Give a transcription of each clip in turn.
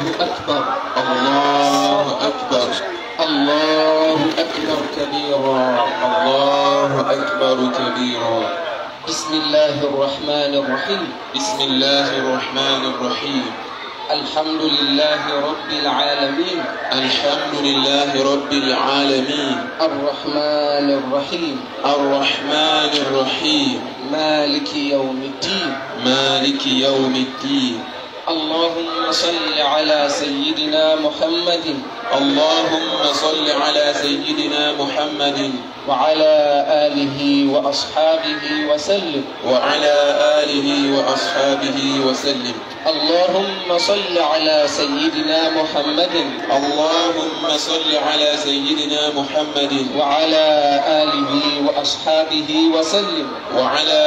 الله أكبر الله أكبر الله أكبر كبيرا الله أكبر كبيرا بسم الله الرحمن الرحيم بسم الله الرحمن الرحيم الحمد لله رب العالمين الحمد لله رب العالمين الرحمن الرحيم الرحمن الرحيم مالك يوم الدين مالك يوم الدين اللهم صل على سيدنا محمد اللهم صل على سيدنا محمد وعلى آله وأصحابه وسلم وعلى آله وأصحابه وسلم اللهم صل على سيدنا محمد اللهم صل على سيدنا محمد وعلى آله وأصحابه وسلم وعلى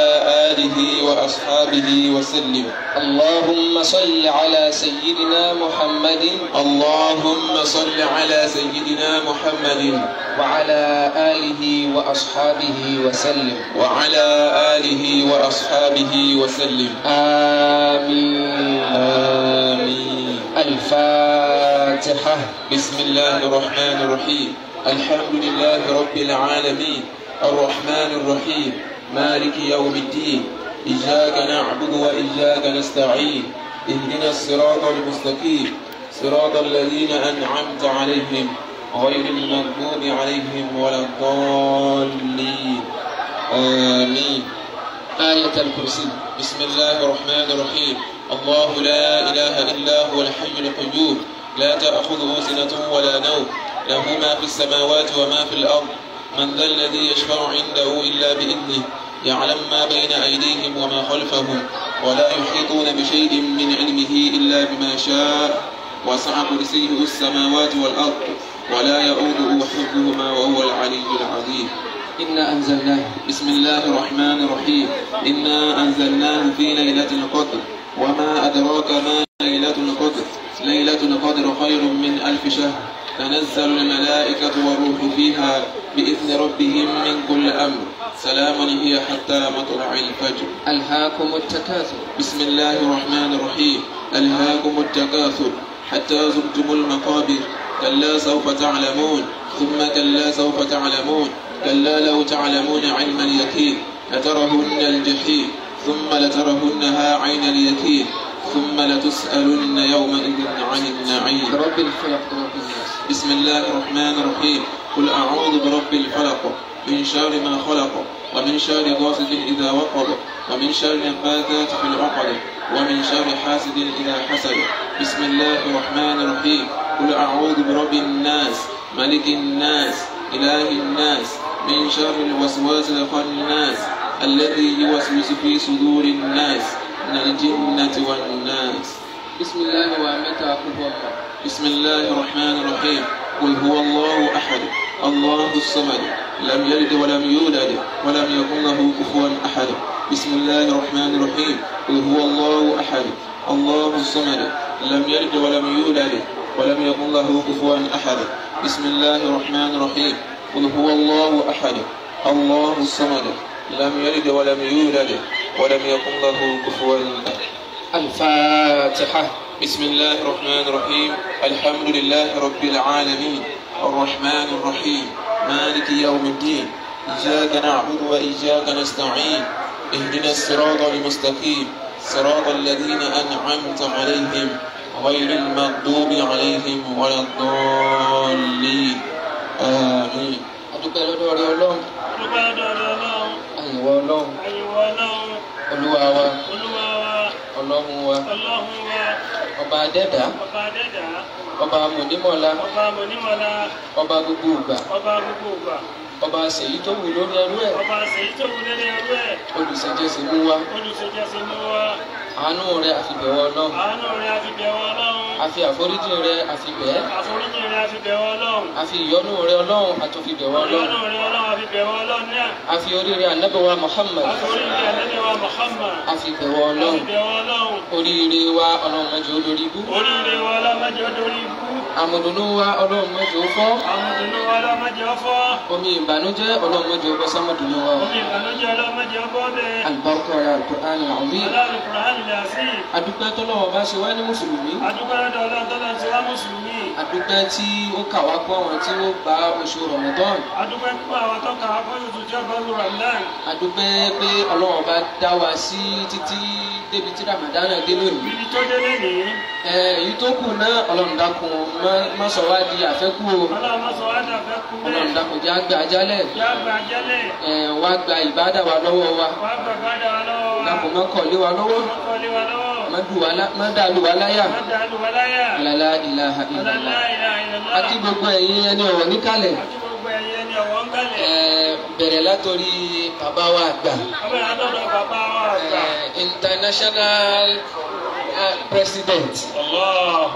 آله وأصحابه وسلم اللهم صل على سيدنا محمد اللهم صل على سيدنا محمد وعلى آله وأصحابه وسلم وعلى آله وأصحابه وسلم آمين آمين الفاتحة بسم الله الرحمن الرحيم الحمد لله رب العالمين الرحمن الرحيم مالك يوم الدين إياك نعبد وإياك نستعين اهدنا الصراط المستقيم صراط الذين أنعمت عليهم غير المغضوب عليهم ولا الضالين آمين آية الكرسي بسم الله الرحمن الرحيم الله لا إله إلا هو الحي القيوم لا تأخذه سنة ولا نوم له ما في السماوات وما في الأرض من ذا الذي يشفع عنده إلا بإذنه يعلم ما بين أيديهم وما خلفهم ولا يحيطون بشيء من علمه إلا بما شاء وسع كرسيه السماوات والأرض ولا يؤوده حفظهما وهو العلي العظيم إنا أنزلناه بسم الله الرحمن الرحيم إنا أنزلناه في ليلة القدر وما أدراك ما ليلة القدر ليلة القدر خير من ألف شهر تنزل الملائكة والروح فيها بإذن ربهم من كل أمر سلام هي حتى مطلع الفجر ألهاكم التكاثر بسم الله الرحمن الرحيم ألهاكم التكاثر حتى زرتم المقابر كلا سوف تعلمون ثم كلا سوف تعلمون كلا لو تعلمون علم اليقين لترهن الجحيم ثم لترهنها عين اليقين ثم لتسألن يومئذ عن النعيم برب الفلق رب الناس بسم الله الرحمن الرحيم قل أعوذ برب الفلق من شر ما خلق ومن شر غاسد إذا وقب ومن شر النفاثات في العقد ومن شر حاسد إذا حسد بسم الله الرحمن الرحيم قل أعوذ برب الناس ملك الناس إله الناس من شر الوسواس الخناس الذي يوسوس في صدور الناس من الجنة والناس بسم الله وعملت بسم الله الرحمن الرحيم قل هو الله أحد الله الصمد لم يلد ولم يولد ولم يكن له كفوا أحد بسم الله الرحمن الرحيم قل هو الله أحد الله الصمد لم يلد ولم يولد ولم يكن له كفوا أحد بسم الله الرحمن الرحيم قل هو الله أحد الله الصمد لم يلد ولم يولد ولم يكن له كفوا الفاتحة بسم الله الرحمن الرحيم الحمد لله رب العالمين الرحمن الرحيم مالك يوم الدين إياك نعبد وإياك نستعين اهدنا الصراط المستقيم صراط الذين أنعمت عليهم غير المغضوب عليهم ولا الضالين àmín. adúpẹ́ lọ́dọ̀ rẹ ọlọ́run. adúpẹ́ lọ́dọ̀ rẹ ọlọ́run. àyẹ̀wò ọlọ́run. àyẹ̀wò ọlọ́run. olúwa wa. olúwa wa. ọlọ́run wa. ọlọ́run wa. ọba adẹ́dá. ọba adẹ́dá. ọba amúnímọ̀lá. ọba amúnímọ̀lá. ọba gbogbo ìgbà. ọba gbogbo ìgbà ọba àṣeyí tó wù lórí ẹrú ẹ. ọba àṣeyí tó wù lórí ẹrú ẹ. mú wa àánú rẹ àti bẹ̀wọ̀ ọlọ́run. àánú rẹ àti bẹ̀wọ̀ ọlọ́run. a fi àforíjì rẹ àti bẹ̀. àforíjì rẹ àti bẹ̀wọ̀ ọlọ́run. a fi ìyọ́nú rẹ ọlọ́run àti bẹ̀wọ̀ ọlọ́run. ìyọ́nú rẹ ọlọ́run àfi bẹ̀wọ̀ ọlọ́run náà. a oríire anábẹ̀wà Muhammad. a fi oríire anábẹ̀wà Muhammad. a fi bẹ̀wọ̀ ọlọ́run. a bẹ̀wọ̀ ọlọ́run. oríire wa ọlọ́run mẹ́jọ olórí ibú. oríire wa ọlọ́run mẹ́jọ olórí ibú àmọ̀dùnúwa ọlọ́run mọ́jọ fọ́. àmọ̀dùnúwa ọlọ́run mọ́jọ fọ́. omi ìbànújẹ́ ọlọ́run mọ́jọ bọ́ sámọ̀dùnúwa. omi ìbànújẹ́ ọlọ́run mọ́jọ bọ́ bẹ́ẹ̀. alibarika ara alukur'an alazim. alukur'an alazim. adúpẹ́ tọ́lọ́wọ́ bá ṣe wá ní mùsùlùmí. adúpẹ́ tọ́lọ́wọ́ tọ́lọ́ ṣe wá mùsùlùmí. adúpẹ́ tí ó kà wá kó àwọn tí ó gba oṣù rọ̀mọ̀dán. adúpẹ́ pé àwọn tó ramadan. adúpẹ́ pé ọlọ́run bá dá wa sí títí débi tí ramadan dé lónìí. ibi tó dé lónìí. ẹ èyí tó má sọ wá di àfẹ́kù o ọlọ́run má sọ wá di àfẹ́kù bẹ́ẹ̀ ọlọ́run dàpọ̀ jẹ́ àgbà àjálẹ̀ jẹ́ àgbà àjálẹ̀ ẹ̀ wá gba ìbádà wa lọ́wọ́ wa wá gba ìbádà wa lọ́wọ́ wa dàpọ̀ má kọ̀lé wa lọ́wọ́ má kọ̀lé wa lọ́wọ́ má dàlú wa láyà má dàlú wa láyà lálá ìlàhà ìlàlá àti gbogbo ẹ̀yin ẹni ọ̀wọ̀ níkàlẹ̀ àti bẹ̀rẹ̀ látọ̀rí bàbá wa àgbà international eh, president. Allah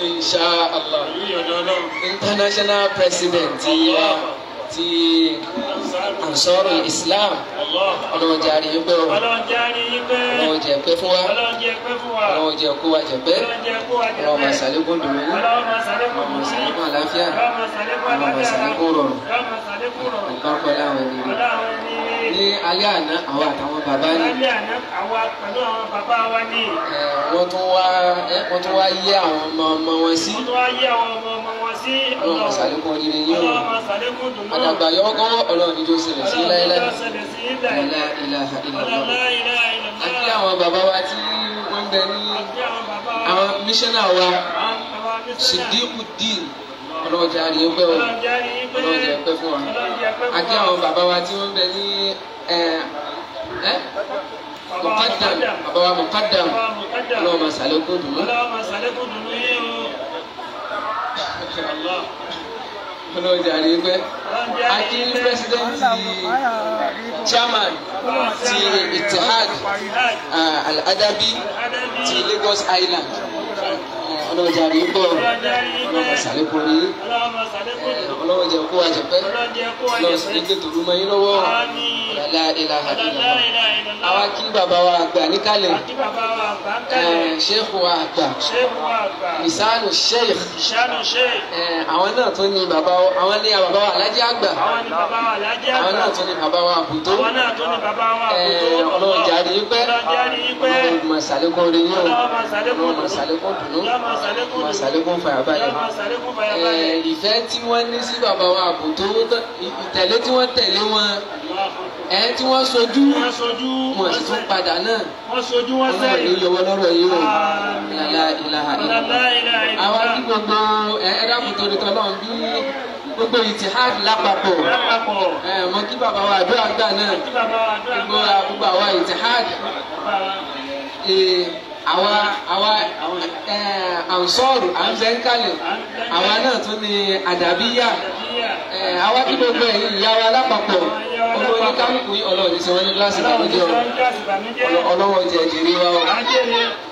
inshallah international president ti ti ansorul islam ọlọ́run jẹ́ àrí yín pé o ọlọ́run jẹ́ pé fún wa ọlọ́run jẹ́ kó wa jẹ́ pé ọlọ́run máa ṣàlékún dùnú ọlọ́run máa ṣàlékún àlàáfíà ọlọ́run máa ṣàlékún rọrùn ọ̀pọ̀ pẹ̀lú àwọn ènìyàn ní alẹ́ àná àwọn àtàwọn bàbá ni. alẹ́ àná àwa pẹ̀lú àwọn bàbá wa ni. wọ́n tún wá wọ́n tún wá yé àwọn ọmọ ọmọ wọn sí. wọ́n tún wá yé àwọn ọmọ ọmọ wọn sí. ọlọ́run àṣàlékún ọdún yìí o. ọlọ́run àṣàlékún dùnú. àdàgbà yọ̀ọ́gán ọlọ́run ìjọ ṣẹlẹ̀ sí láéláé. ọlọ́run ìjọ ṣẹlẹ̀ sí láéláé. àti àwọn bàbá wa tí wọ́n ń bẹ ní àwọn míṣánná wa Sidiqu Din ọlọ́run jẹ́ àríyé pẹ́ o ọlọ́run jẹ́ pẹ́ fún wa àti àwọn bàbá wa tí wọ́n bẹ ní mọ̀kádàm bàbá wa mọ̀kádàm ọlọ́run máa ṣàlékún dùnú. ọlọ́run jẹ́ àríyé pẹ́ àti pẹ́sidẹ́ntì chairman ti itihad uh, Al-Adabi ti Lagos Island ọlọ́jà rí bọ̀ ọlọ́mọ sàlékún rí ọlọ́mọ jẹ kó wa jẹ pẹ́ ọlọ́mọ sì ní gbẹ̀tọ̀ ló mọ yín lọ́wọ́ la ilaha illallah àwa kí bàbá wa àgbà níkàlẹ̀ ṣéèkù wa àgbà misaalu sheikh àwọn náà tún ní bàbá wa àwọn ní bàbá wa alájí àgbà àwọn náà tún ní bàbá wa àbùtó ọlọ́run jàre yín pẹ́ ọlọ́run masalekun rí yín o ọlọ́run masalekun dùnú masalekun fàyàbalẹ̀ ìfẹ́ tí wọ́n ní sí bàbá wa àbùtó ìtẹ̀lé tí wọ́n tẹ̀lé wọn ẹ tí wọ́n sojú wọ́n sì tún padà náà wọ́n náà ló yọwọ́ lọ́rọ̀ yìí o ìlàlá ìlàhà ìlàlá àwọn kí gbogbo ẹ dákun torí tọ́lọ́ ń bí gbogbo ìtìhádì lápapọ̀ ẹ mọ kí bàbá wa àdúrà gbà náà gbogbo àgbà wa ìtìhádì àwa àwa ansọ́ọ̀rù anzẹ́ńkálẹ̀ àwa náà tún ní àdàbíyà àwa kí gbogbo ẹ̀yin ìyá wa lápapọ̀ ọmọ oníkálukú ọlọ́ọ̀ni sọ wọn ní gíláàsì ìbànújẹ́ ọlọ́wọ́ jẹ́ jèrè wa o.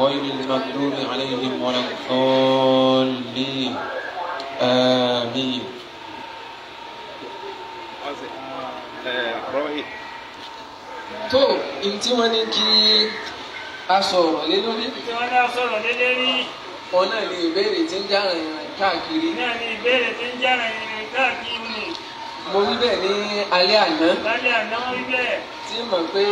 غير المغلوب عليهم ولا الضالين آمين tó ntí wọn ní kí a sọ̀rọ̀ lé lórí. ntí wọn ní a sọ̀rọ̀ lé lórí. òun náà ni ìbéèrè tí ń jára ìrìn káàkiri. náà ni ìbéèrè tí ń jára ìrìn káàkiri. mo wí bẹ́ẹ̀ ní alẹ́ àná. lálẹ́ àná wọ́n wí bẹ́ẹ̀ tí mọ̀ pé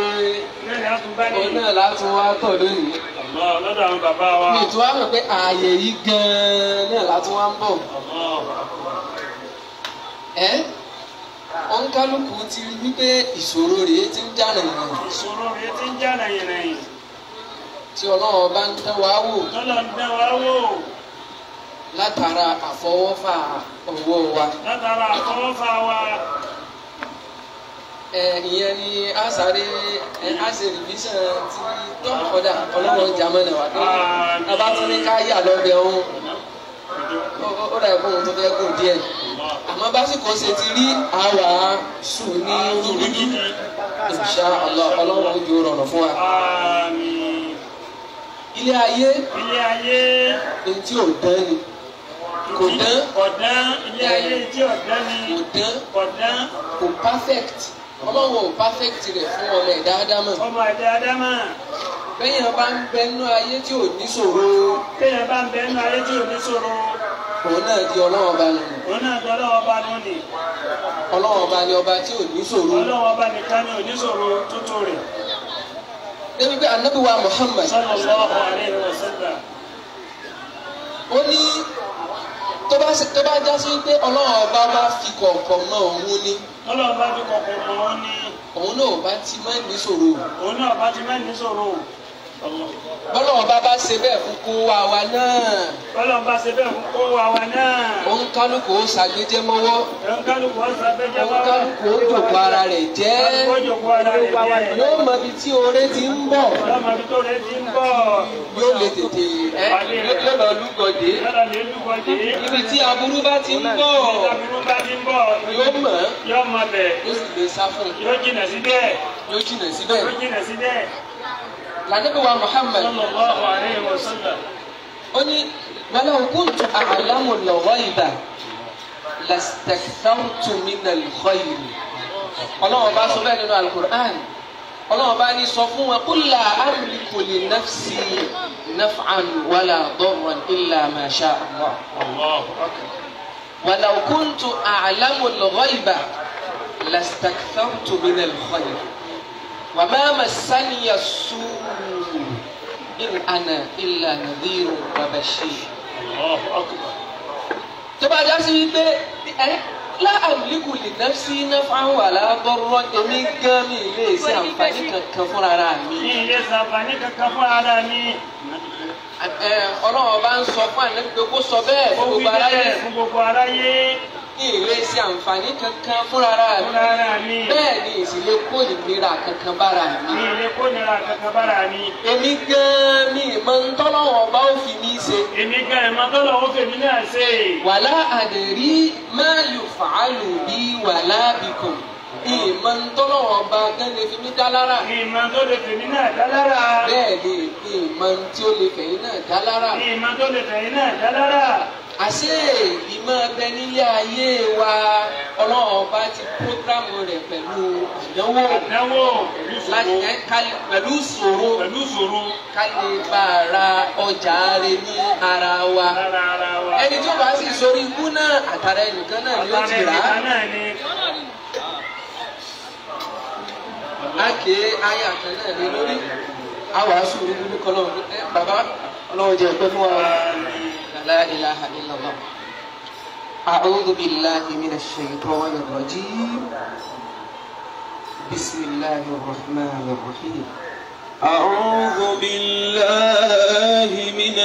òun náà látún wá tọ̀ lónìí. lọ́dọ̀ àwọn bàbá wa. mi tún wá mọ̀ pé ààyè yìí gan-an náà látún wá ń bọ̀. ẹ ònkálukú ti rí wípé ìṣòro rèé ti ń jà nàyìn. ìṣòro rèé ti ń jà nàyìn nàyìn. tí ọlọ́run ọba ń dán wa wò. tọ́lọ̀ dán wa wò látara àfọwọ́fà ọwọ́ wa. látara àfọwọ́fà wa ìyẹn ni a sáré a ṣe revision ti tọ́kọ̀dà ọlọ́run jàmọ́ náà wà lórí bàbá tún ní ká yà lọ́bẹ̀ ọ̀hún ó rà ẹ̀kọ́ òun tó fẹ́ gùn díẹ̀ àmọ́ básìkò ṣe ti rí àwà sùn ní rúdúdú insha ọlọ́run ojú rọrùn fún wa. ilé ayé ní tí ò dán ni kò dán ilé ayé tí ò dán ni kò dán kò perfect ọlọ́run ò perfect rẹ̀ fún ọmọ ẹ̀dá ádámà. ọmọ ẹ̀dá ádámà. bẹ́yàn bá ń bẹ nínú ayé tí ò ní ṣòro. bẹ́yàn bá ń bẹ nínú ayé tí ò ní ṣòro. òun náà di ọlọ́run ọba nù. òun náà di ọlọ́run ọba nù ni. ọlọ́run ọba ni ọba tí ò ní ṣòro. ọlọ́run ọba nìkan ni ò ní ṣòro tuntun rẹ̀. débi pé anabi wa Muhammad. sallallahu alaihi wasallam. ó ní tó bá já sí pé ọlọ́run ọba bá fi kọ̀ọ̀kan náà òun ní ọlọ́run bá fi kọ̀kọ̀ mọ́ ní. òun náà bá ti máa ń ní ṣòro. òun náà bá ti máa ń bọ́lọ́wọ́n bá bá ṣe bẹ́ẹ̀ fún kó wa wa náà. bọ́lọ́wọ́n bá ṣe bẹ́ẹ̀ fún kó wa wa náà. òun kálukú ó ṣàgbéjẹ́ mọ́wọ́. òun kálukú ó ṣàgbéjẹ́ mọ́wọ́. òun kálukú ó jòkó ara rẹ̀ jẹ́. yóò mọ ibi tí oore ti ń bọ̀. yóò lè tètè ẹ́ yóò lọ lúgọdé. ibi tí aburú bá ti ń bọ̀. yóò mọ̀. yóò mọ̀ bẹ̀. yóò sì lè sá lànàbí wa Muhammad sallallahu alayhi wa sallam ó ní wàlá kuntu a'lamu al-ghayba lastakthartu min al-khayr ọlọ́wọ́n bá sọ bẹ́ẹ̀ nínú alukur'an ọlọ́wọ́n bá ní sọ fún wa qul la amliku li nafsi naf'an wala darran illa ma sha Allah. ولو كنت أعلم الغيب لاستكثرت من الخير وما مسني السوء in ana illa nadhiru wa bashir. tó bá dá sí wípé láàmúlíkù lè ná sí iná fáwọn aláàbọ̀rọ̀ èmi gan mi lè ṣe àǹfààní kankan fúnra ara mi. mi lè ṣe àǹfààní kankan fúnra ara mi. ọlọ́run ọba ń sọ fún àná pé kó sọ bẹ́ẹ̀ fún gbogbo aráyé ìlé sí àǹfààní kankan fúnra mi bẹ́ẹ̀ ni ìsìlẹ̀ kó ìnira kankan bára mi. ìlé kó ìnira kankan bára mi. èmi gan-an mi ìmọ̀ ntọ́lọ́wọ̀ ọba ó fi mí ṣe. èmi gan-an ìmọ̀ ntọ́lọ́wọ̀ ó fi mí náà ṣe. wàlá àdèrí máa yù fàálù bí wàlá bìkùn ìmọ̀ ntọ́nà ọba gan lè fi mí dá lára. ìmọ̀ tó lè fẹ̀yìn náà dá lára. bẹ́ẹ̀ ni ìmọ̀ tí ó lè fẹ̀yìn náà dá lára. ìmọ̀ tó lè fẹ̀yìn náà dá lára àṣé ìmọ̀ ọbẹ̀ nílé ayé wa ọlọ́run ọba ti prógrámù rẹ̀ pẹ̀lú àdánwò àdánwò láti ẹ kálí pẹ̀lú ìṣòro pẹ̀lú ìṣòro kálí bá ara ọjà rẹ̀ ní ara wa ẹni tí ó bá sì sórí ikú náà àtàrà ẹnìkan náà ni ó ti rà á. láàkè ayé àkàn náà lé lórí àwọn aṣọ òrùn nínú kọlọ́ọ̀ bàbá ọlọ́run jẹ́ ẹgbẹ́ fún wa. لا إله إلا الله أعوذ بالله من الشيطان الرجيم بسم الله الرحمن الرحيم أعوذ بالله من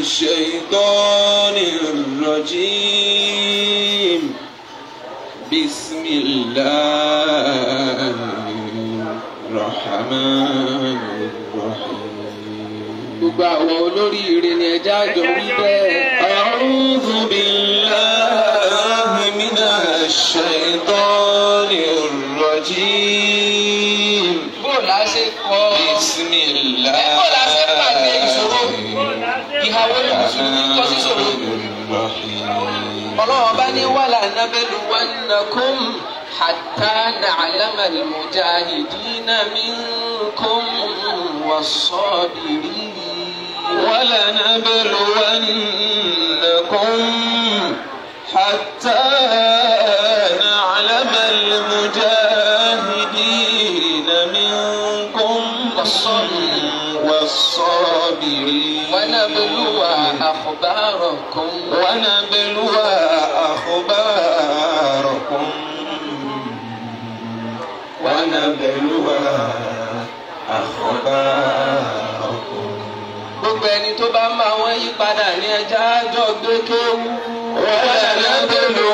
الشيطان الرجيم بسم الله الرحمن الرحيم gbogbo àwọn olóríire ni ẹja àjọ wí bẹ́ẹ̀ ọlọ́run bá ní wàhálà nábẹ́lú wọn nà kún hàtà nàlámà mùjáhìdínà mí kún wà sọ́ọ̀bìrì. wàhálà nábẹ́lú wọn nà. منكم حتى نعلم المجاهدين منكم والصابرين ونبلو أخباركم ونبلو أخباركم ونبلو أخباركم gbogbo ẹni tó bá máa wọ́n yí padà ní ẹja àjọ gbé kéwú. wọ́n ṣàlẹ́ ń bẹ̀rù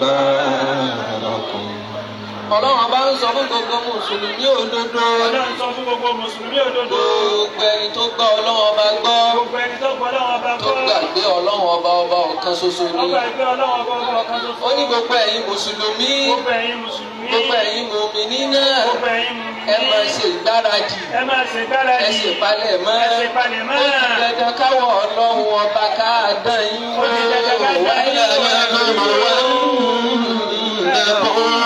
بعد ọlọ́run bá ń sọ fún gbogbo mùsùlùmí òdodo. ọlọ́run sọ fún gbogbo mùsùlùmí òdodo. gbogbo ẹni tó gbà ọlọ́run ọba gbọ́. gbogbo ẹni tó gbà ọlọ́run ọba gbọ́. tó gbàgbé ọlọ́run ọba ọba ọ̀kan ṣoṣo ni. ọgbà ìgbé ọlọ́run ọba ọba ọ̀kan ṣoṣo. ó ní gbogbo ẹ̀yin mùsùlùmí. gbogbo ẹ̀yin mùsùlùmí. gbogbo ẹ̀yin mùmíní náà. ẹ máa ṣe ìgbáradì ẹ máa ṣe ìgbáradì ẹ ṣe ìpalẹ̀mọ́ ẹ ṣe ìpalẹ̀mọ́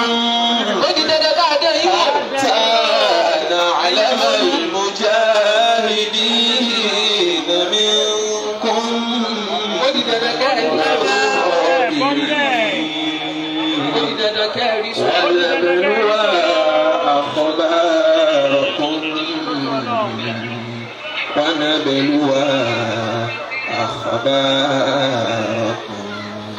ó ti àbáàkùn.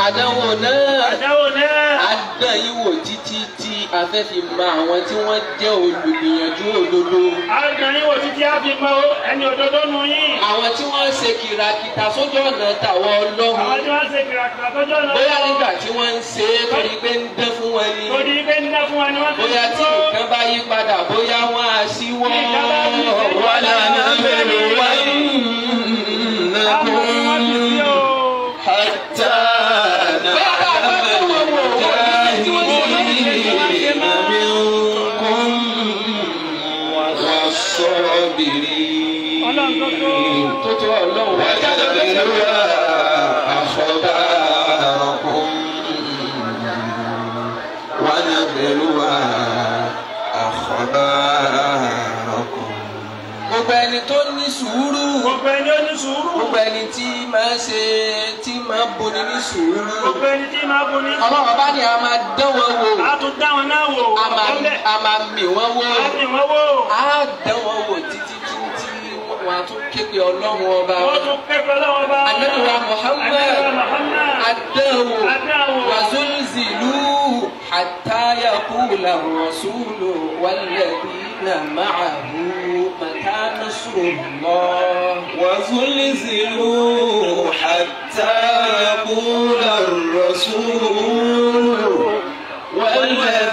àdáwò náà àdáwò náà àdán yìí wò títí tí a fẹ́ fi mọ àwọn tí wọ́n jẹ́ olùgbìyànjú òdodo. àdán yìí wò títí a fi mọ ẹni òdodo nù yín. àwọn tí wọ́n ń ṣe kìràkìtà sójú ọ̀nà tàwọn ọlọ́run. àwọn tí wọ́n ń ṣe kìràkìtà sójú ọ̀nà. bóyá nígbà tí wọ́n ń ṣe é torí pé ń dán fún wọn ni. torí pé ń dán fún wọn ni wọ́n ti ń bóyá tí nǹkan bá yí padà bóyá wọ́n á síwọ́. ṣe tí máa boni ní sùúrù. gbogbo ẹni tí máa boni. ọlọ́run bá ní a máa dán wọn wò. a tún dán wọn náà wò. a máa mì wọ́n wò. a mì wọ́n wò. a dán wọn wò títí títí wọn a tún képe ọlọ́run ọba. wọ́n tún képe ọlọ́run ọba. anabiwa muhammed adáwò wazulzilu hatta yakula rasulu walladina ma'ahu. نصر الله وزلزلوا حتى يقول الرسول والذين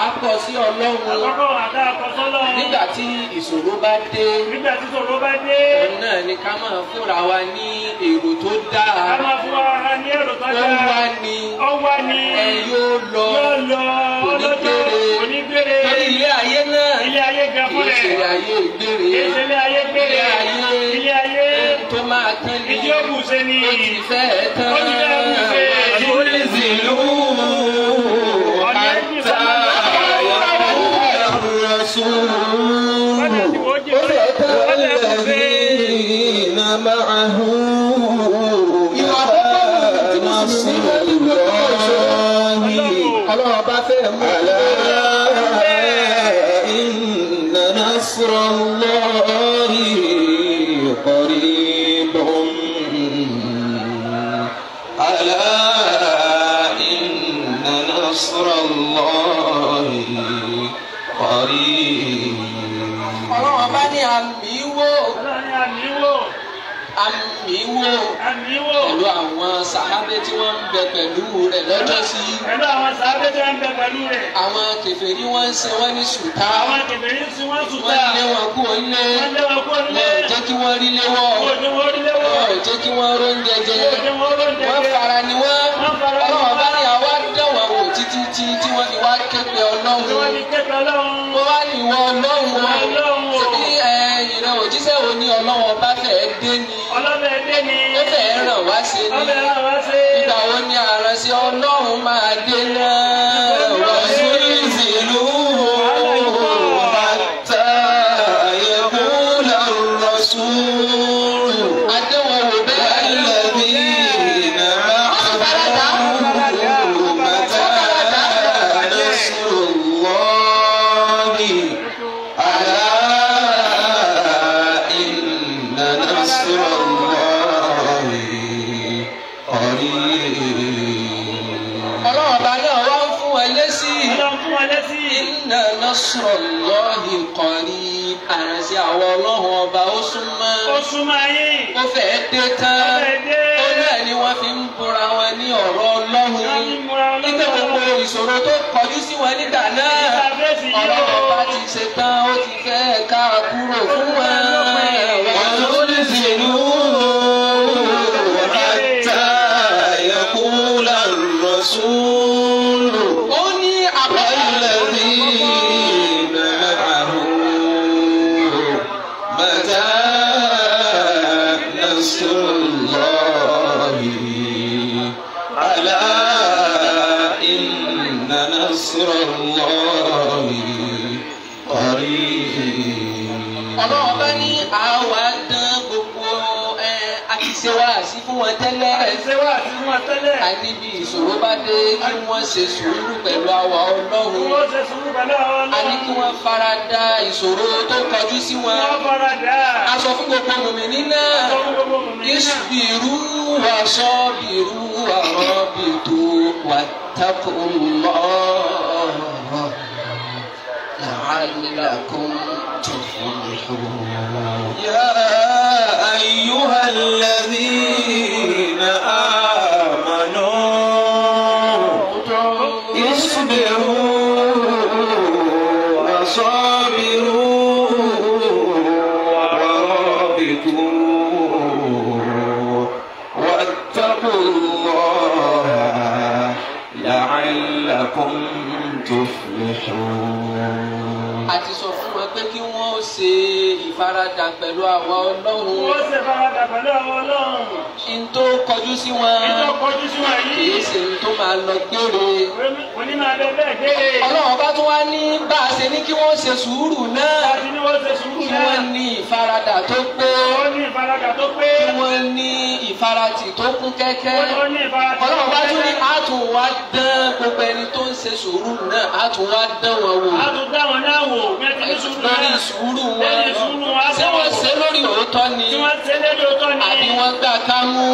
àákọ sí ọlọ́run. àkọ́kọ́ àdáàkọ sọ́lọ́run. nígbà tí ìṣòro bá dé. nígbà tí ìṣòro bá dé. òun náà ni ká máa fúnra wa ní èrò tó dáa. ká máa fúnra wa ní èrò tó dáa. ó wá ní. ó wá ní. ẹ yóò lọ. yóò lọ. onígbèrè. onígbèrè. torí ilé ayé náà. ilé ayé gan fún rẹ̀. ìṣẹ̀lẹ̀ ayé gbèrè. ìṣẹ̀lẹ̀ ayé gbèrè. ilé ayé. ilé ayé. tó máa tán ni. ìdí òkú ṣe ni. ó ti fẹ́ tán. ó ti fẹ́ kù ṣe. àbúrò ìsìn lù. ọ̀nà ìsìn الرسول وذكر الذين معه rẹ̀ lọ́jọ́ sí. pẹ̀lú àwọn sábẹ́ tó ń bẹ pẹ̀lú rẹ̀. àwọn kèfèrí wọ́n ń ṣe wọ́n ní sùtá. àwọn kèfèrí ń ṣe wọ́n sùtá. wọ́n lé wọn kú onílé. wọ́n lé wọn kú onílé. wọ́n jẹ́ kí wọ́n rí léwọ́. wọ́n jẹ́ kí wọ́n ró ń jẹjẹ. wọ́n fara ni wọ́n. ọlọ́wọ́ bá ní àwa dán wọn wò títí tí wọ́n fi wá képe ọlọ́run. wọ́n wá ní ìwọ ọlọ́run òjíṣẹ́ wo ni ọlọ́wọ́ bá fẹ́ẹ́ dé ni. ọlọ́fẹ́ dé ni. ó fẹ́ẹ́ ràn wá sí ni. ọlọ́fẹ́ Gracias. kan ó náà ni wọ́n fi ń búra wọn ní ọ̀rọ̀ ọlọ́run nígbà gbogbo ìṣòro tó kọjú sí wọn nígbà náà ọ̀rọ̀ ọba ti ṣe tán ó ti fẹ́ ká kúrò fún wọn. still love. wọn tẹ́lẹ̀. a ní bí ìṣòro bá dé kí wọ́n ṣe sùúrù pẹ̀lú àwa ọlọ́run. kí wọ́n ṣe sùúrù pẹ̀lú àwa ọlọ́run. a ní kí wọ́n fara da ìṣòro tó kọjú sí wọn. wọ́n fara da. a sọ fún gbogbo mòmìnì náà. a sọ fún gbogbo mòmìnì náà. ìṣubìrú wà sọ bìrú wà rọ bìtò wà tako lọ. لعلكم تفلحون يا أيها الذين آمنوا àti sọ fún pé kí wọ́n ṣe ìfaradà pẹ̀lú àwa ọlọ́run. wọ́n ṣe ìfaradà pẹ̀lú àwa ọlọ́run. n tó kọjú sí wọn. n tó kọjú sí wọn yìí. kìí ṣe n tó máa lọ gbére. kò ní máa lọ bẹ́ẹ̀ gbére. ọlọ́run bá tún wá ní bá a ṣe ní kí wọ́n ṣe sùúrù náà. àti ní wọ́n ṣe sùúrù náà. kí wọ́n ní ìfaradà tó pé. wọ́n ní ìfaradà tó pé. kí wọ́n ní ìfaratì tó kún kẹ́kẹ́. ọlọ́run ní àtún tó ń ṣe sùúrù náà àtún wá lórí sùúrù wọn ṣé wọ́n ṣe lórí òótọ́ ni àbí wọ́n gbà ká mú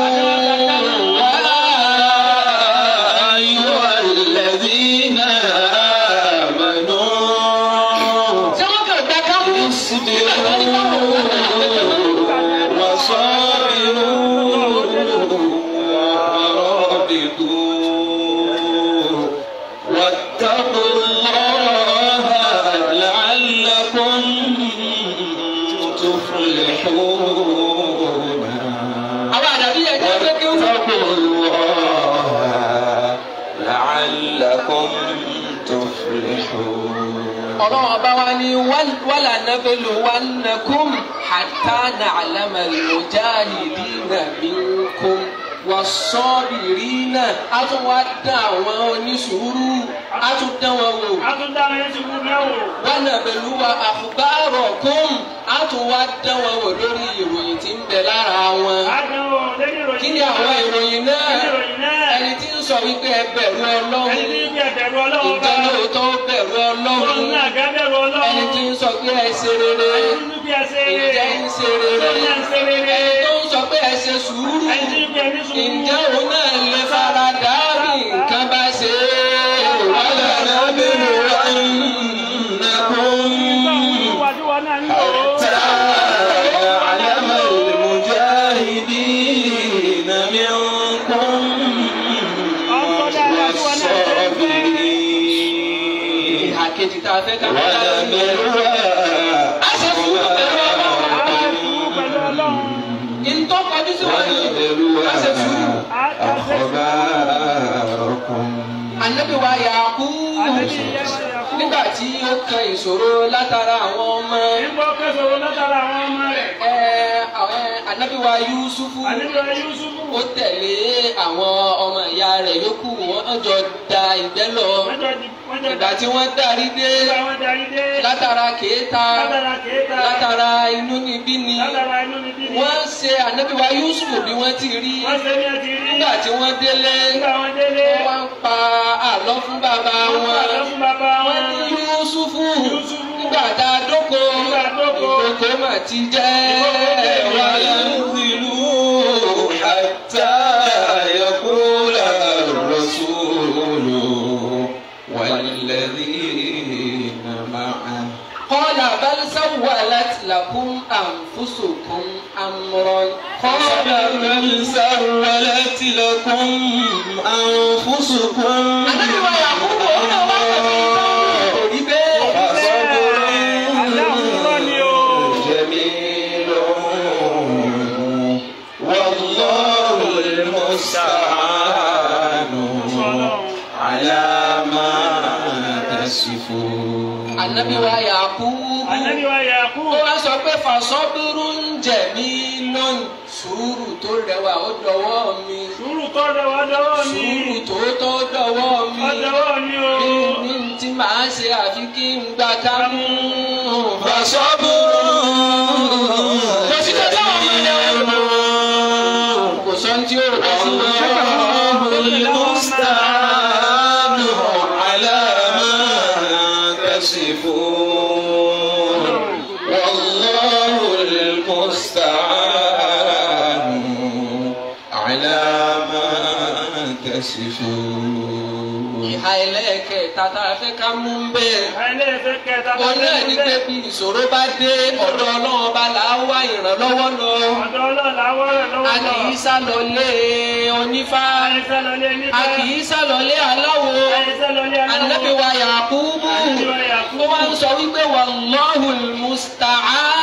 ọlọ́run ọba wa ni wàlà nàbẹ̀lò wà nàkùn hàtà nàlámẹ̀lò jáàlìdì nàbínkùn wà sọ́ọ̀bìrì náà a tún wá dá àwọn onísùúrù a tún dá wọn wò. wà nàbẹ̀lò wà àfùbárọ̀ kùn a tún wá dán wọn wò lórí ìròyìn tí ń bẹ lára wọn. kí ni àwọn ìròyìn náà ẹni tí ń sọ wípé ẹ bẹ̀rù ọlọ́run ìjọ lóòótọ́ ó bẹ̀rù ọlọ́run ẹni tí ń sọ pé ẹ ṣe rere ìjẹ́ ń ṣe rere ẹni tó ń sọ pé ẹ ṣe sùúrù ìjẹ́ òun náà lè fara dá. kan ìṣòro látara àwọn ọmọ. ìgbọ́ kan ìṣòro látara àwọn ọmọ anabi wa yusufu ó tẹ̀lé àwọn ọmọ ìyá rẹ̀ yòókù wọ́n jọ da ìgbẹ́ lọ ìgbà tí wọ́n darí dé látara kéèta látara inú níbí ni wọ́n ṣe anabi wa yusufu bí wọ́n ti rí nígbà tí wọ́n délé wọ́n pa àlọ́ fún bàbá wọn wọ́n ní yusufu ńgbà tá a dóko ìkókó mà ti jẹ́ wà lùzìlù àtà yaqula rasulu walladhina ma'a. qala bal sawwalat lakum anfusukum amran. qala bal sawwalat lakum anfusukum. wa Yakubu. Ànábì wa Yakubu. Ó wá sọ pé fàṣọ́bírú ń jẹ̀ mí lóyún. Sùúrù tó rẹwà ó dọwọ́ mi. Sùúrù tó rẹwà ó dọwọ́ mi. Sùúrù tó tọ́ dọwọ́ mi. Ó dọwọ́ mi o. Bí mi ti máa ṣe àfi kí n gba kámú. Fàṣọ́bírú. òun náà ní pé bí ìṣòro bá dé ọ̀dọ̀ ọlọ́run ọba là á wá ìrànlọ́wọ́ lọ. ọ̀dọ̀ ọlọ́run là á wá ìrànlọ́wọ́ lọ. a kì í sálọlé onífá. a kì í sálọlé aláwo. ànábì wa Yakubu. ó máa ń sọ wípé wallahul musta'an.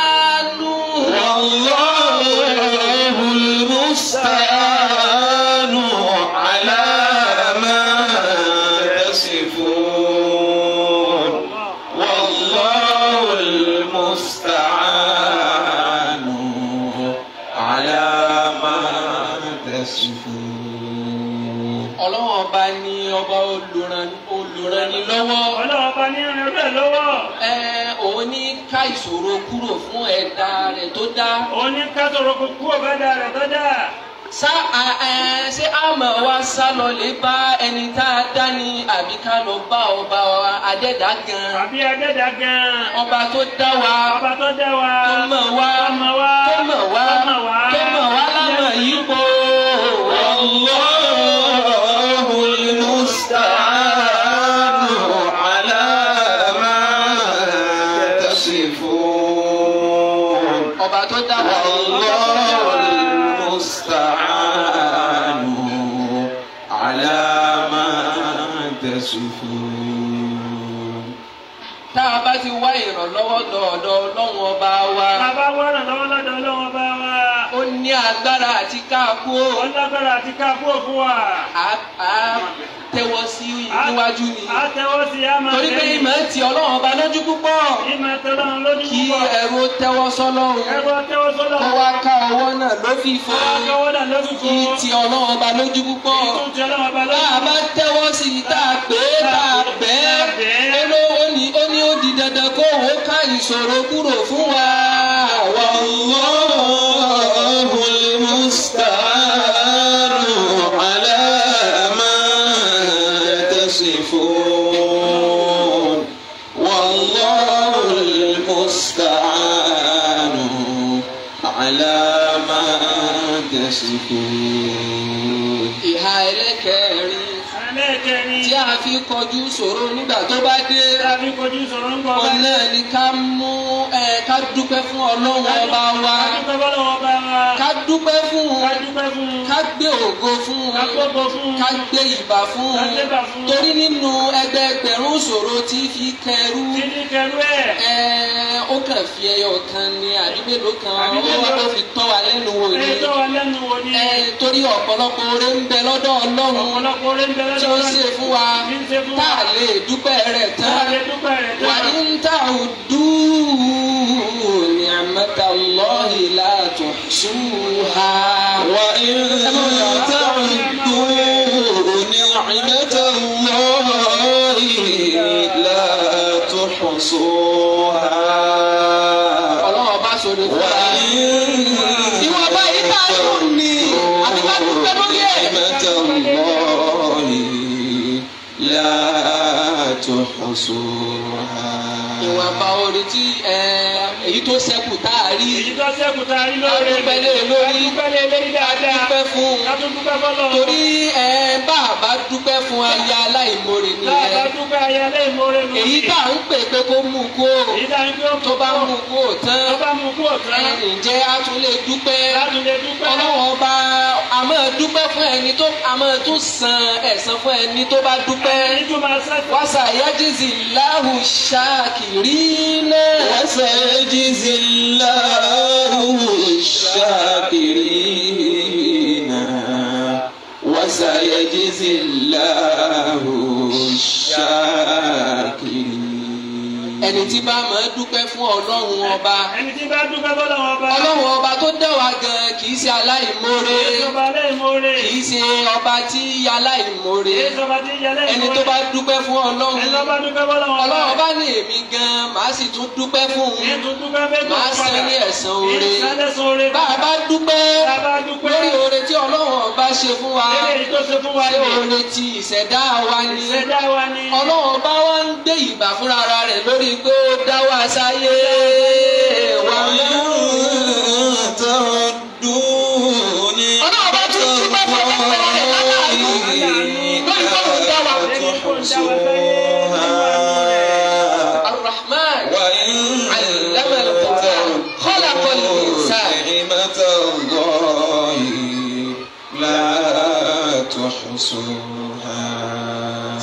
dáa. ó ní kátòrò kò kú ọ̀bádà rẹ̀ a dáa. sá ṣé àmọ̀ wa sá lọ lè bá ẹni tá a dá ní àbí ká lọ bá ọba adẹ́dá gan. àbí adẹ́dá gan. ọba tó dá wa. ọba tó dá wa. tó mọ̀ wa. tó mọ̀ wa. tó mọ̀ wa. tó mọ̀ wa lámọ̀ yípo. ọba tó dáwà Allahul musta'anu ala ma tá a bá ti wá ìrànlọ́wọ́ dọ̀ọ̀dọ̀ ọlọ́run ọba. lágbára àti káàkó. ó lágbára àti káàkó fún wa. a a tẹwọ́ sí níwájú ni. a tẹwọ́ sí a máa tẹ̀lé. torí pé ìmọ̀ ti ọlọ́run ọba lójú púpọ̀. ìmọ̀ ti ọlọ́run lójú púpọ̀. kí ẹ̀rọ tẹwọ́ sọ́lọ́run. ẹ̀rọ tẹwọ́ sọ́lọ́run. kọ́ wa ká ọwọ́ náà lófìfo. kọ́ wa ká ọwọ́ náà lófìfo. kí ti ọlọ́run ọba lójú púpọ̀. kí ọlọ́run ọba lójú púpọ̀. a bá tẹwọ́ jẹ ni. tí a fi kọjú ṣòro nígbà tó bá dé. a fi kọjú ṣòro nígbà tó bá dé. òun ni ká mú dúpẹ́ fún ọlọ́wọ́ ọba wa ká dúpẹ́ fún ká gbé ògo fún ká gbé ìbà fún torí nínú ẹgbẹẹgbẹ̀rún ṣòro tí fi kẹrú ẹ ó kàn fi ẹyọ kan ní àdúgbò kan ó wà tó fi tọ́ wa lẹ́nu wò ni ẹ torí ọ̀pọ̀lọpọ̀ oore ń bẹ lọ́dọ̀ ọlọ́run tí ó ṣe fún wa tá a lè dúpẹ́ rẹ̀ tán wà ní ń tà ó dùn. نعمة الله لا تحصوها وإن تعدوا نعمة الله لا تحصوها وإن تعدوا نعمة الله لا تحصوها ìwọ̀nba oore tí èyí tó ṣẹ́kù tá a rí. èyí tó ṣẹ́kù tá a rí lóore. adúpẹ́lẹ́ lórí adúpẹ́lẹ́ lórí dáadáa. adúpẹ́ fún un. adúpẹ́ fọlọ́. torí bàbá dúpẹ́ fún aya aláìmoore ni. bàbá dúpẹ́ aya aláìmoore ni. èyí tá à ń pè pé kó mú kó. èyí tá à ń pè kó. tó bá mú kó tán. tó bá mú kó tán. ǹjẹ́ a tún lè dúpẹ́. a tún lè dúpẹ́. ọlọ́wọ́n ọba a máa dúpẹ́ fún ẹni tó a máa tún san ẹ̀san fún ẹni tó bá dúpẹ́. ẹni tó máa láhùn ṣáàkì الشاكرين فاجز الله الشاكرين وسيجزي الله الشاكرين ẹni tí bá máa dúpẹ́ fún ọlọ́run ọba. ẹni tí bá dúpẹ́ fún ọlọ́run ọba. ọlọ́run ọba tó dẹ̀ wá gan kì í ṣe aláìmoore. kì í ṣe ọba tí yà aláìmoore. ẹni tó bá dúpẹ́ fún ọlọ́run. ọlọ́run ọba ní èmi gan màá sì tún dúpẹ́ fún un. màá san ní ẹ̀san oore. bá a bá dúpẹ́ lórí oore tí ọlọ́run ọba ṣe fún wa. ṣé oore ti ìṣẹ̀dá wa ni. ọlọ́run ọba wa ń gbé ìgbà fúnra rẹ̀ lórí igbó dá wà sáyé wà mú.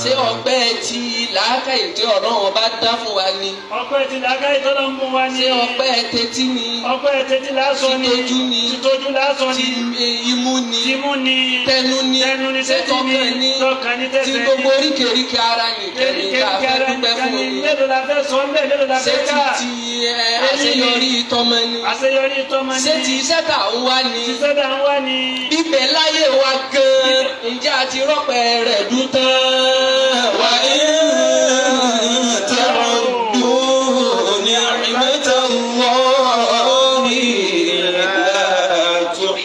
ṣé ọgbẹ́ ti làákàyè tí ọ̀rọ̀ wọn bá dá fún ọpẹ́ ti làákà ìtọ́lọ ń mú wa ní. ṣé ọpẹ́ tẹ́tí ni. ọpẹ́ tẹ́tí lásán ni. títójú ni. títójú lásán ni. ti eh, imú ni. timú ni. tẹnu ni. tẹnu ni tẹ́tí ni. tọkàn ni. tọkàn ni tẹ́sẹ̀ ni. ti gbogbo oríkèéríkè ara ni. kẹ̀míkà fẹ́ dúpẹ́ fún mi. mélòó la fẹ́ sọ mẹ́ mélòó la fẹ́ ká. ṣé ti ti eh, àṣeyọrí tọmọ ni. àṣeyọrí tọmọ ni. ṣé ti iṣẹ́ tà ń wá ni. iṣẹ́ tà ń wá ni. ibẹ̀ láyé wa gan-an ǹjẹ́ a ti rọ́pẹ́ rẹ̀ dún tán. wà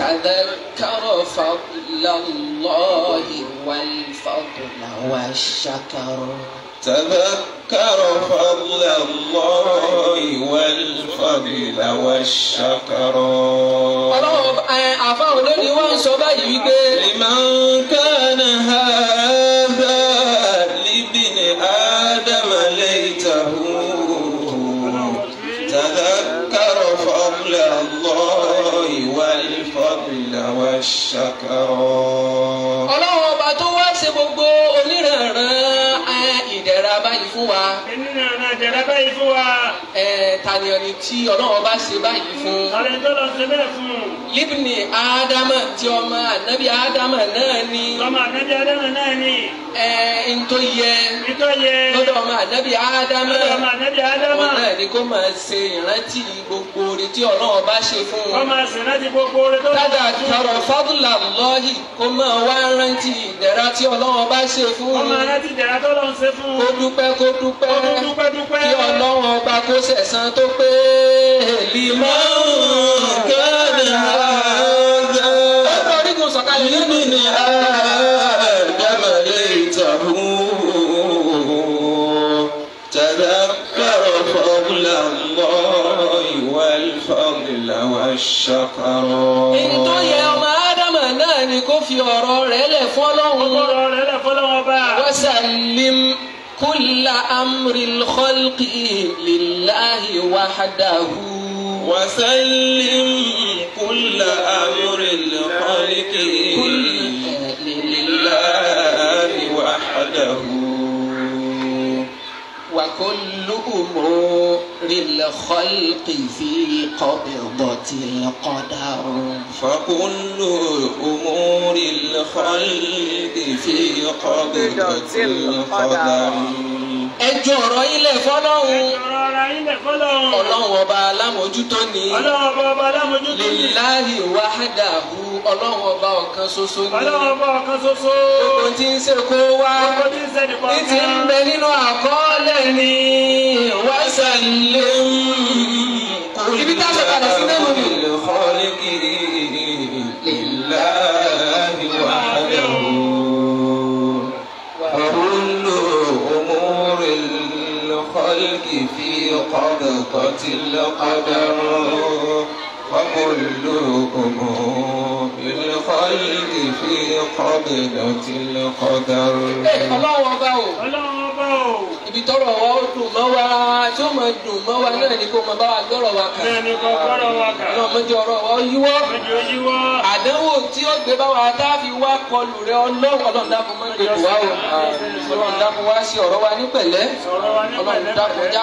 تذكر فضل الله والفضل والشكر تذكر فضل الله والفضل والشكر. ọlọ́run àfáà olórí wa ń fún wa. èmi náà máa jẹ̀rẹ̀ fún wa. ẹ tani ọ̀nì tí ọlọ́run bá ṣe báyìí fún. ọ̀rẹ́ tó lọ ṣe bẹ́ẹ̀ fún. libni ádámà tí ọmọ ànábì ádámà náà ni. ọmọ ànábì ádámà náà ni. ẹ ntọ́ yẹ. ntọ́ yẹ. lọ́dọ̀ ọmọ ànábì ádámà. lọ́dọ̀ ọmọ ànábì ádámà. wọn náà ni kó máa ṣe ìrántí gbogbo oore tí ọlọ́run bá ṣe fún wọn. máa ṣe ìrántí gbogbo oore tó lọ́wọ́ fún wọn. wọ́n máa rántí kó dúpẹ́ kí ọlọ́run ọba kó sẹ̀san tó pé èlì mọ́ kẹ́lẹ́ àgbà. ó kọ orígun sọ̀kalẹ̀ nínú ni àdàmọ̀lẹ́ ìtàhùn tàdákàrọ̀ fọ́ọ̀lá mọ́ ìwà ìfọ̀ọ̀lá wà ṣàkàrọ̀. èyí yẹ ọmọ ádámà náà ni kó fi ọ̀rọ̀ rẹ̀ lẹ̀ fọ́lọ́hún. ọ̀rọ̀ rẹ̀ lẹ̀ fọ́lọ́hún ọba. wọ́n sàlím. كل أمر الخلق لله وحده وسلم كل أمر الخلق لله وحده وكل أمور للخلق في قبضة القدر فكل أمور الخلق في قبضة القدر ẹjọ́ ọ̀rọ̀ ilẹ̀ fọlọ́hún ọlọ́run ọba alámojútó ni lillahi wahdahu ọlọ́run ọba ọ̀kan ṣoṣo ni. ọlọ́run ọba ọ̀kan ṣoṣo. gbogbo tí ń ṣe kó wá. gbogbo tí ń ṣe nìkan. ní ti ń bẹ nínú àkọọ́lẹ̀ ni wàsálẹ̀ ń. ibi tá a sọ̀rọ̀ àdá sí náà nù. قبضة القدر وكل أمور الخلق في قبلة القدر. إيه، الله bá ibi tọ́rọ̀ wa ó dùn mọ́ wa tí ó mọ dùn mọ́ wa náà ni kó mọ bá wa gbọ́rọ̀ wa kàn. bẹ́ẹ̀ni kò gbọ́rọ̀ wa kàn. náà mọjọ ọ̀rọ̀ wa ó yíwọ. mọjọ yíwọ. àdánwò tí ó gbé bá wa tá a fi wá kọlù rẹ Ọlọ́run Ọlọ́run dákun mọ gbèdú wa o Ọlọ́run dákun wá ọ̀rọ̀ wa ní pẹ̀lẹ́ Ọlọ́run dákun ṣe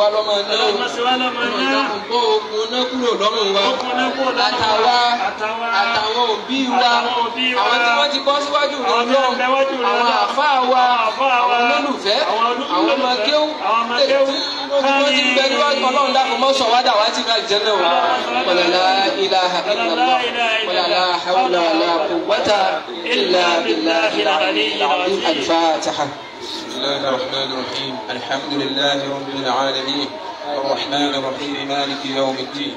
wá wa lọ́mọ náà Ọlọ́run àtàwa àtàwọn òbí wa àwọn tí wọ́n ti bọ́ síwájú rẹ̀ ọlọ́run àwọn àfáà wa àwọn olólùfẹ́ àwọn ọmọ kéwú tí wọ́n ti bẹ níwájú ọlọ́run dákun mọ́ sọ wádà wá ti náà jẹ́nà o wàlálà ilaha illallah wàlálà hawla wàlà quwwata illa billahi al-aliyyil al-fatiha. بسم الله الرحمن الرحيم الحمد الرحمن الرحيم مالك يوم الدين